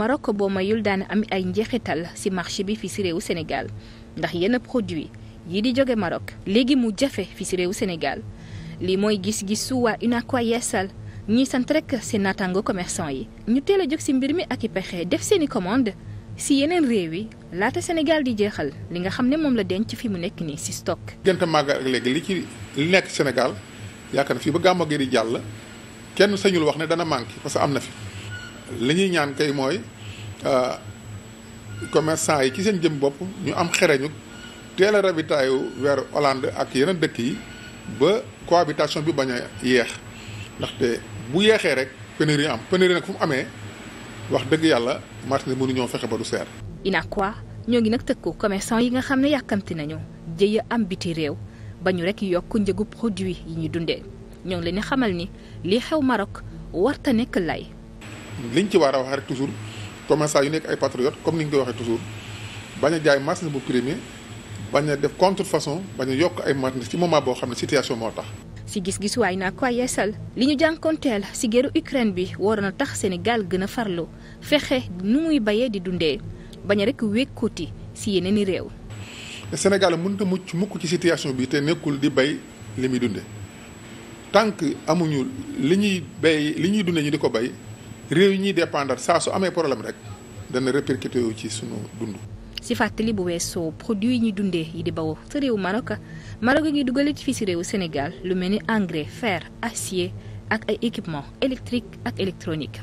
Maroc boo mayul daan am ay njeexital ci marché bi fii ci réewu Sénégal ndax yenn produit yi di jóge Maroc léegi mu jafe fii ci réewu Sénégal lii mooy gis-gisu waa UNACOIS Yeessal ñuy sant rekk seen naataango commerçant yi. ñu teel a jóg ci mbir mi ak i pexe def seeni commande ci yeneen réew yi laata Sénégal di jeexal li nga xam ne moom la denc fi mu nekk nii ci stock. diggante màggal ak léegi li ci li nekk Sénégal yaakaar na fii ba gàmmu gi di jàll kenn sañul wax ne dana manqué am na fi. li ñuy ñaan kay mooy euh, commerçant yi ci seen jëm bopp ñu am xereñu teel a rabitaayu vers Hollande ak yeneen dëkk yi ba cohabitation bi bañ a yeex ndaxte bu yeexee rek pénurie am pénurie nag fu mu amee wax dëgg yàlla marché mënuñoo fexe ba du seer. inakwa ñoo ngi nag tëkku commerçant yi nga xam ne yàkkamti nañu jëye am biti réew ba ñu rek yokk njëgu produit yi ñu dundee ñoo ngi leen xamal ni li xew Maroc warta nekk lay. liñu ci war a wax rek toujours commerçant yu nekk ay comme ni ñu koy waxee toujours a jaay marchandise bu primé bañ a def contrefaçon bañ a yokk ay marchandise ci moment boo xam ne situation moo tax. gis-gisu waay naa ko yeesal li ñu jànkoonteel si géeru Ukraine bi waroon a tax Sénégal gën a farlu fexe nu muy bayee di dundee bañ a rek wékkooti si yeneen i réew. Sénégal mënut a mucc mukk ci situation bi te nekkul di bay li muy dunde tant amuñu li ñuy bay li ñuy dundee ñu di ko bay. réew yi ñuy dépendre saa su amee problème rek dana répercuté wu ci sunu dund. si fàttali bu weesoo produit yi ñuy dundee yi di bawoo sa réew Maroc Maroc a ngi dugalee ci fii si réewu Sénégal lu mel ni engrais fer acier ak ay équipement électrique ak électronique.